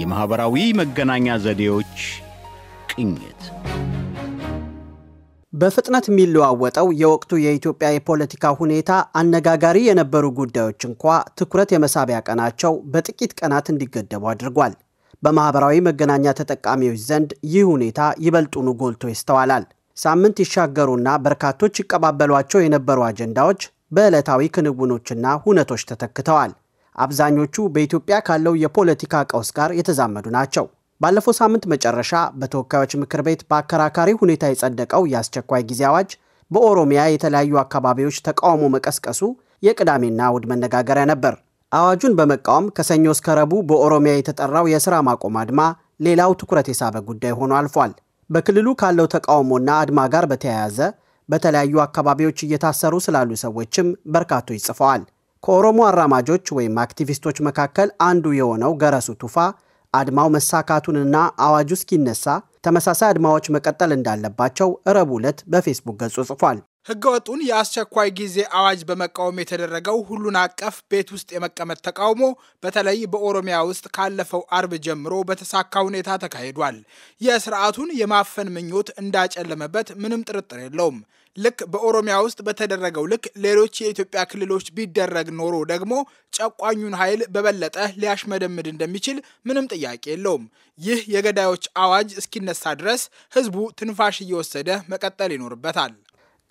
የማኅበራዊ መገናኛ ዘዴዎች ቅኝት በፍጥነት የሚለዋወጠው የወቅቱ የኢትዮጵያ የፖለቲካ ሁኔታ አነጋጋሪ የነበሩ ጉዳዮች እንኳ ትኩረት የመሳቢያ ቀናቸው በጥቂት ቀናት እንዲገደቡ አድርጓል። በማኅበራዊ መገናኛ ተጠቃሚዎች ዘንድ ይህ ሁኔታ ይበልጡኑ ጎልቶ ይስተዋላል። ሳምንት ይሻገሩና በርካቶች ይቀባበሏቸው የነበሩ አጀንዳዎች በዕለታዊ ክንውኖችና ሁነቶች ተተክተዋል። አብዛኞቹ በኢትዮጵያ ካለው የፖለቲካ ቀውስ ጋር የተዛመዱ ናቸው። ባለፈው ሳምንት መጨረሻ በተወካዮች ምክር ቤት በአከራካሪ ሁኔታ የጸደቀው የአስቸኳይ ጊዜ አዋጅ በኦሮሚያ የተለያዩ አካባቢዎች ተቃውሞ መቀስቀሱ የቅዳሜና እሁድ መነጋገሪያ ነበር። አዋጁን በመቃወም ከሰኞ እስከ ረቡዕ በኦሮሚያ የተጠራው የሥራ ማቆም አድማ ሌላው ትኩረት የሳበ ጉዳይ ሆኖ አልፏል። በክልሉ ካለው ተቃውሞና አድማ ጋር በተያያዘ በተለያዩ አካባቢዎች እየታሰሩ ስላሉ ሰዎችም በርካቶች ጽፈዋል። ከኦሮሞ አራማጆች ወይም አክቲቪስቶች መካከል አንዱ የሆነው ገረሱ ቱፋ አድማው መሳካቱንና አዋጁ እስኪነሳ ተመሳሳይ አድማዎች መቀጠል እንዳለባቸው ረቡዕ ዕለት በፌስቡክ ገጹ ጽፏል። ህገወጡን የአስቸኳይ ጊዜ አዋጅ በመቃወም የተደረገው ሁሉን አቀፍ ቤት ውስጥ የመቀመጥ ተቃውሞ በተለይ በኦሮሚያ ውስጥ ካለፈው አርብ ጀምሮ በተሳካ ሁኔታ ተካሂዷል። የስርዓቱን የማፈን ምኞት እንዳጨለመበት ምንም ጥርጥር የለውም። ልክ በኦሮሚያ ውስጥ በተደረገው ልክ ሌሎች የኢትዮጵያ ክልሎች ቢደረግ ኖሮ ደግሞ ጨቋኙን ኃይል በበለጠ ሊያሽመደምድ እንደሚችል ምንም ጥያቄ የለውም። ይህ የገዳዮች አዋጅ እስኪነሳ ድረስ ህዝቡ ትንፋሽ እየወሰደ መቀጠል ይኖርበታል።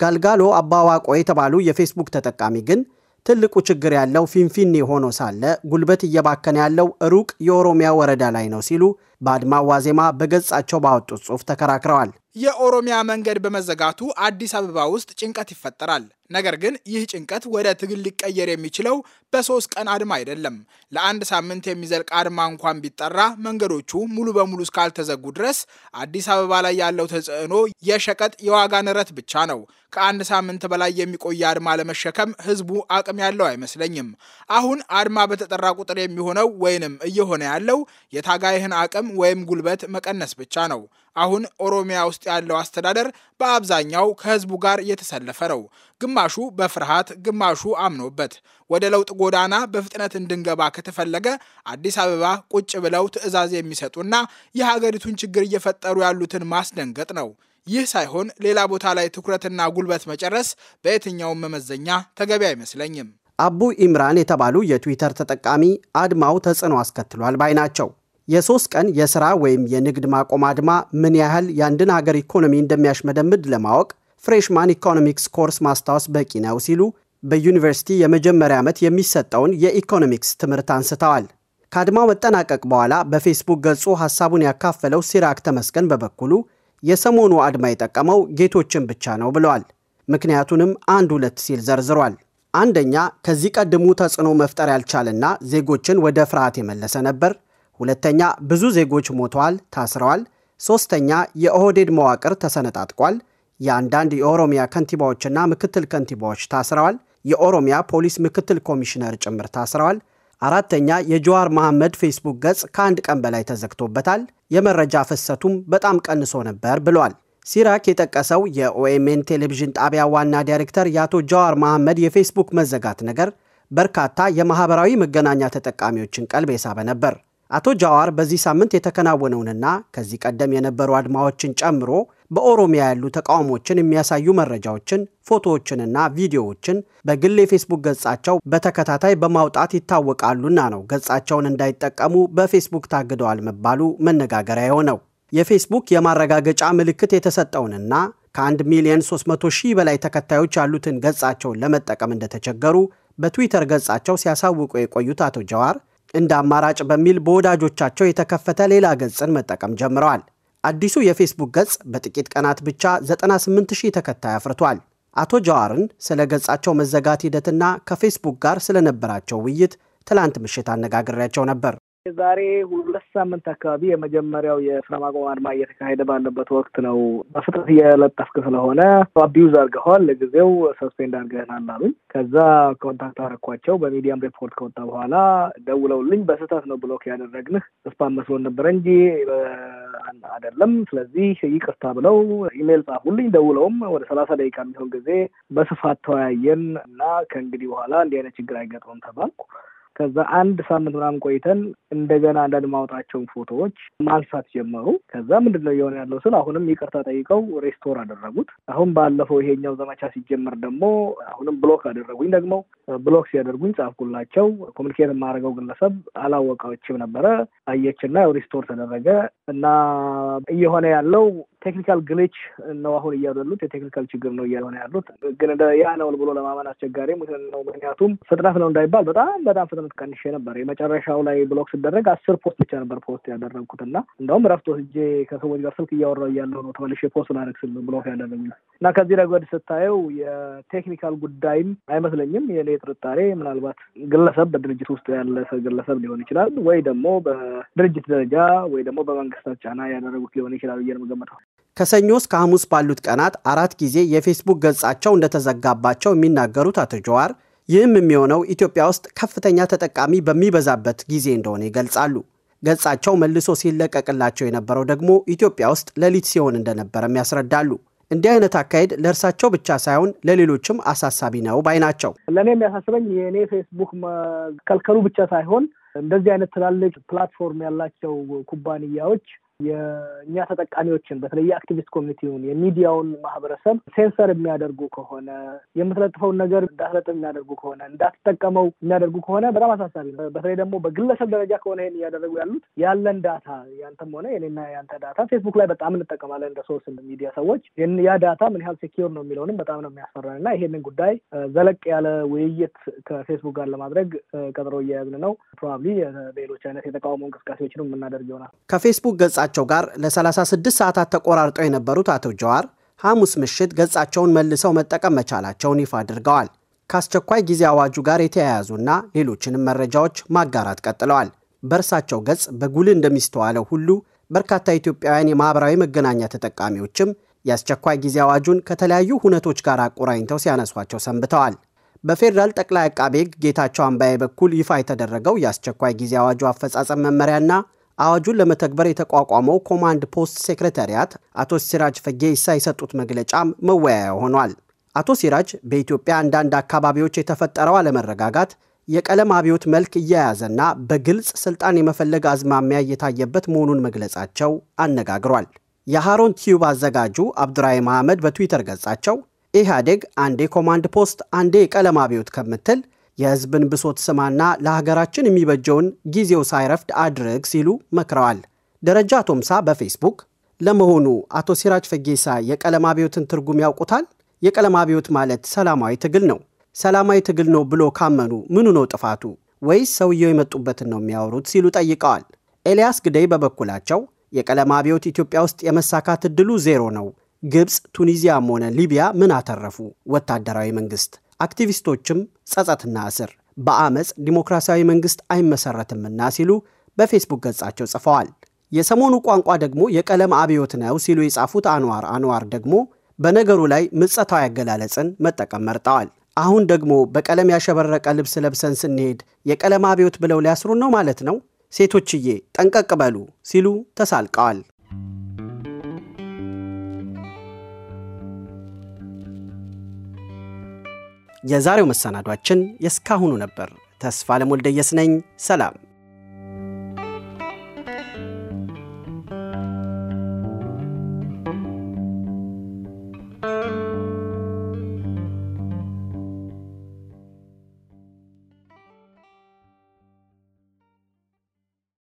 ጋልጋሎ አባዋቆ የተባሉ የፌስቡክ ተጠቃሚ ግን ትልቁ ችግር ያለው ፊንፊኔ ሆኖ ሳለ ጉልበት እየባከነ ያለው ሩቅ የኦሮሚያ ወረዳ ላይ ነው ሲሉ በአድማዋ ዋዜማ በገጻቸው ባወጡት ጽሑፍ ተከራክረዋል። የኦሮሚያ መንገድ በመዘጋቱ አዲስ አበባ ውስጥ ጭንቀት ይፈጠራል። ነገር ግን ይህ ጭንቀት ወደ ትግል ሊቀየር የሚችለው በሶስት ቀን አድማ አይደለም። ለአንድ ሳምንት የሚዘልቅ አድማ እንኳን ቢጠራ መንገዶቹ ሙሉ በሙሉ እስካልተዘጉ ድረስ አዲስ አበባ ላይ ያለው ተጽዕኖ የሸቀጥ የዋጋ ንረት ብቻ ነው። ከአንድ ሳምንት በላይ የሚቆይ አድማ ለመሸከም ህዝቡ አቅም ያለው አይመስለኝም። አሁን አድማ በተጠራ ቁጥር የሚሆነው ወይንም እየሆነ ያለው የታጋይህን አቅም ወይም ጉልበት መቀነስ ብቻ ነው። አሁን ኦሮሚያ ውስጥ ያለው አስተዳደር በአብዛኛው ከህዝቡ ጋር የተሰለፈ ነው። ግማሹ በፍርሃት፣ ግማሹ አምኖበት። ወደ ለውጥ ጎዳና በፍጥነት እንድንገባ ከተፈለገ አዲስ አበባ ቁጭ ብለው ትዕዛዝ የሚሰጡና የሀገሪቱን ችግር እየፈጠሩ ያሉትን ማስደንገጥ ነው። ይህ ሳይሆን ሌላ ቦታ ላይ ትኩረትና ጉልበት መጨረስ በየትኛውም መመዘኛ ተገቢ አይመስለኝም። አቡ ኢምራን የተባሉ የትዊተር ተጠቃሚ አድማው ተጽዕኖ አስከትሏል ባይ ናቸው። የሶስት ቀን የሥራ ወይም የንግድ ማቆም አድማ ምን ያህል የአንድን ሀገር ኢኮኖሚ እንደሚያሽመደምድ ለማወቅ ፍሬሽማን ኢኮኖሚክስ ኮርስ ማስታወስ በቂ ነው ሲሉ በዩኒቨርሲቲ የመጀመሪያ ዓመት የሚሰጠውን የኢኮኖሚክስ ትምህርት አንስተዋል። ከአድማው መጠናቀቅ በኋላ በፌስቡክ ገጹ ሐሳቡን ያካፈለው ሲራክ ተመስገን በበኩሉ የሰሞኑ አድማ የጠቀመው ጌቶችን ብቻ ነው ብለዋል። ምክንያቱንም አንድ ሁለት ሲል ዘርዝሯል። አንደኛ ከዚህ ቀድሙ ተጽዕኖ መፍጠር ያልቻለና ዜጎችን ወደ ፍርሃት የመለሰ ነበር። ሁለተኛ ብዙ ዜጎች ሞተዋል፣ ታስረዋል። ሶስተኛ የኦህዴድ መዋቅር ተሰነጣጥቋል። የአንዳንድ የኦሮሚያ ከንቲባዎችና ምክትል ከንቲባዎች ታስረዋል። የኦሮሚያ ፖሊስ ምክትል ኮሚሽነር ጭምር ታስረዋል። አራተኛ የጀዋር መሐመድ ፌስቡክ ገጽ ከአንድ ቀን በላይ ተዘግቶበታል። የመረጃ ፍሰቱም በጣም ቀንሶ ነበር ብሏል። ሲራክ የጠቀሰው የኦኤምኤን ቴሌቪዥን ጣቢያ ዋና ዳይሬክተር የአቶ ጀዋር መሐመድ የፌስቡክ መዘጋት ነገር በርካታ የማኅበራዊ መገናኛ ተጠቃሚዎችን ቀልብ የሳበ ነበር። አቶ ጃዋር በዚህ ሳምንት የተከናወነውንና ከዚህ ቀደም የነበሩ አድማዎችን ጨምሮ በኦሮሚያ ያሉ ተቃውሞችን የሚያሳዩ መረጃዎችን፣ ፎቶዎችንና ቪዲዮዎችን በግል የፌስቡክ ገጻቸው በተከታታይ በማውጣት ይታወቃሉና ነው ገጻቸውን እንዳይጠቀሙ በፌስቡክ ታግደዋል መባሉ መነጋገሪያ የሆነው። የፌስቡክ የማረጋገጫ ምልክት የተሰጠውንና ከ1 ሚሊዮን 300 ሺህ በላይ ተከታዮች ያሉትን ገጻቸውን ለመጠቀም እንደተቸገሩ በትዊተር ገጻቸው ሲያሳውቁ የቆዩት አቶ ጃዋር እንደ አማራጭ በሚል በወዳጆቻቸው የተከፈተ ሌላ ገጽን መጠቀም ጀምረዋል። አዲሱ የፌስቡክ ገጽ በጥቂት ቀናት ብቻ 98000 ተከታይ አፍርቷል። አቶ ጀዋርን ስለ ገጻቸው መዘጋት ሂደትና ከፌስቡክ ጋር ስለነበራቸው ውይይት ትላንት ምሽት አነጋግሬያቸው ነበር። የዛሬ ሁለት ሳምንት አካባቢ የመጀመሪያው የስራ ማቆም አድማ እየተካሄደ ባለበት ወቅት ነው። በፍጥነት እየለጠፍክ ስለሆነ አቢዩዝ አድርገኋል፣ ለጊዜው ሰስፔንድ አድርገህናል አሉኝ። ከዛ ኮንታክት አረኳቸው። በሚዲያም ሪፖርት ከወጣ በኋላ ደውለውልኝ በስህተት ነው ብሎክ ያደረግንህ ስፓም መስሎን ነበረ እንጂ አይደለም፣ ስለዚህ ይቅርታ ብለው ኢሜይል ጻፉልኝ። ደውለውም ወደ ሰላሳ ደቂቃ የሚሆን ጊዜ በስፋት ተወያየን እና ከእንግዲህ በኋላ እንዲህ አይነት ችግር አይገጥምም ተባልኩ። ከዛ አንድ ሳምንት ምናምን ቆይተን እንደገና አንዳንድ ማውጣቸውን ፎቶዎች ማንሳት ጀመሩ። ከዛ ምንድነው እየሆነ ያለው ስል አሁንም ይቅርታ ጠይቀው ሬስቶር አደረጉት። አሁን ባለፈው ይሄኛው ዘመቻ ሲጀመር ደግሞ አሁንም ብሎክ አደረጉኝ። ደግሞ ብሎክ ሲያደርጉኝ ጻፍኩላቸው። ኮሚኒኬት የማደርገው ግለሰብ አላወቃችም ነበረ። አየችና ሪስቶር ተደረገ እና እየሆነ ያለው ቴክኒካል ግሊች ነው አሁን እያሉ ያሉት የቴክኒካል ችግር ነው እያሉ ያሉት። ግን ያ ነው ብሎ ለማመን አስቸጋሪ ነው። ምክንያቱም ፍጥነት ነው እንዳይባል በጣም በጣም ፍጥነት ቀንሼ ነበር። የመጨረሻው ላይ ብሎክ ስደረግ አስር ፖስት ብቻ ነበር ፖስት ያደረግኩት እና እንደውም ረፍቶ ሂጄ ከሰዎች ጋር ስልክ እያወራሁ እያለሁ ነው ተመልሼ ፖስት ላደርግ ስል ብሎክ ያደረግ እና ከዚህ ረገድ ስታየው የቴክኒካል ጉዳይም አይመስለኝም። የኔ ጥርጣሬ ምናልባት ግለሰብ በድርጅት ውስጥ ያለ ግለሰብ ሊሆን ይችላል ወይ ደግሞ በድርጅት ደረጃ ወይ ደግሞ በመንግስታት ጫና ያደረጉት ሊሆን ይችላል ብዬ ነው የምገምተው። ከሰኞ እስከ ሐሙስ ባሉት ቀናት አራት ጊዜ የፌስቡክ ገጻቸው እንደተዘጋባቸው የሚናገሩት አቶ ጀዋር ይህም የሚሆነው ኢትዮጵያ ውስጥ ከፍተኛ ተጠቃሚ በሚበዛበት ጊዜ እንደሆነ ይገልጻሉ። ገጻቸው መልሶ ሲለቀቅላቸው የነበረው ደግሞ ኢትዮጵያ ውስጥ ሌሊት ሲሆን እንደነበረም ያስረዳሉ። እንዲህ አይነት አካሄድ ለእርሳቸው ብቻ ሳይሆን ለሌሎችም አሳሳቢ ነው ባይ ናቸው። ለእኔ የሚያሳስበኝ የእኔ ፌስቡክ መከልከሉ ብቻ ሳይሆን እንደዚህ አይነት ትላልቅ ፕላትፎርም ያላቸው ኩባንያዎች የእኛ ተጠቃሚዎችን በተለይ የአክቲቪስት ኮሚኒቲውን የሚዲያውን ማህበረሰብ ሴንሰር የሚያደርጉ ከሆነ የምትለጥፈውን ነገር እንዳትለጥፍ የሚያደርጉ ከሆነ እንዳትጠቀመው የሚያደርጉ ከሆነ በጣም አሳሳቢ ነው። በተለይ ደግሞ በግለሰብ ደረጃ ከሆነ ይህን እያደረጉ ያሉት ያለን ዳታ ያንተም ሆነ የኔና ያንተ ዳታ ፌስቡክ ላይ በጣም እንጠቀማለን እንደ ሶሻል ሚዲያ ሰዎች። ያ ዳታ ምን ያህል ሴኪር ነው የሚለውንም በጣም ነው የሚያስፈራን እና ይሄንን ጉዳይ ዘለቅ ያለ ውይይት ከፌስቡክ ጋር ለማድረግ ቀጠሮ እያያዝን ነው። ፕሮባብሊ ሌሎች አይነት የተቃውሞ እንቅስቃሴዎችንም የምናደርግ ይሆናል ከፌስቡክ ገጻ ከገጻቸው ጋር ለ36 ሰዓታት ተቆራርጠው የነበሩት አቶ ጀዋር ሐሙስ ምሽት ገጻቸውን መልሰው መጠቀም መቻላቸውን ይፋ አድርገዋል። ከአስቸኳይ ጊዜ አዋጁ ጋር የተያያዙና ሌሎችንም መረጃዎች ማጋራት ቀጥለዋል። በእርሳቸው ገጽ በጉል እንደሚስተዋለው ሁሉ በርካታ ኢትዮጵያውያን የማኅበራዊ መገናኛ ተጠቃሚዎችም የአስቸኳይ ጊዜ አዋጁን ከተለያዩ ሁነቶች ጋር አቆራኝተው ሲያነሷቸው ሰንብተዋል። በፌዴራል ጠቅላይ አቃቤ ሕግ ጌታቸው አምባዬ በኩል ይፋ የተደረገው የአስቸኳይ ጊዜ አዋጁ አፈጻጸም መመሪያና አዋጁን ለመተግበር የተቋቋመው ኮማንድ ፖስት ሴክሬታሪያት አቶ ሲራጅ ፈጌሳ የሰጡት መግለጫም መወያያ ሆኗል። አቶ ሲራጅ በኢትዮጵያ አንዳንድ አካባቢዎች የተፈጠረው አለመረጋጋት የቀለም አብዮት መልክ እየያዘና በግልጽ ስልጣን የመፈለግ አዝማሚያ እየታየበት መሆኑን መግለጻቸው አነጋግሯል። የሃሮን ቲዩብ አዘጋጁ አብዱራይ መሐመድ በትዊተር ገጻቸው ኢህአዴግ አንዴ ኮማንድ ፖስት አንዴ የቀለም አብዮት ከምትል የሕዝብን ብሶት ስማና ለሀገራችን የሚበጀውን ጊዜው ሳይረፍድ አድርግ ሲሉ መክረዋል። ደረጃ ቶምሳ በፌስቡክ ለመሆኑ አቶ ሲራጅ ፈጌሳ የቀለም አብዮትን ትርጉም ያውቁታል? የቀለም አብዮት ማለት ሰላማዊ ትግል ነው። ሰላማዊ ትግል ነው ብሎ ካመኑ ምኑ ነው ጥፋቱ? ወይስ ሰውየው የመጡበትን ነው የሚያወሩት? ሲሉ ጠይቀዋል። ኤልያስ ግደይ በበኩላቸው የቀለም አብዮት ኢትዮጵያ ውስጥ የመሳካት ዕድሉ ዜሮ ነው። ግብፅ፣ ቱኒዚያም ሆነ ሊቢያ ምን አተረፉ? ወታደራዊ መንግስት አክቲቪስቶችም ጸጸትና እስር፣ በአመፅ ዲሞክራሲያዊ መንግስት አይመሰረትምና ሲሉ በፌስቡክ ገጻቸው ጽፈዋል። የሰሞኑ ቋንቋ ደግሞ የቀለም አብዮት ነው ሲሉ የጻፉት አንዋር አንዋር ደግሞ በነገሩ ላይ ምጸታዊ አገላለጽን መጠቀም መርጠዋል። አሁን ደግሞ በቀለም ያሸበረቀ ልብስ ለብሰን ስንሄድ የቀለም አብዮት ብለው ሊያስሩን ነው ማለት ነው። ሴቶችዬ ጠንቀቅ በሉ ሲሉ ተሳልቀዋል። የዛሬው መሰናዷችን የስካሁኑ ነበር። ተስፋ ለሞልደየስ ነኝ። ሰላም።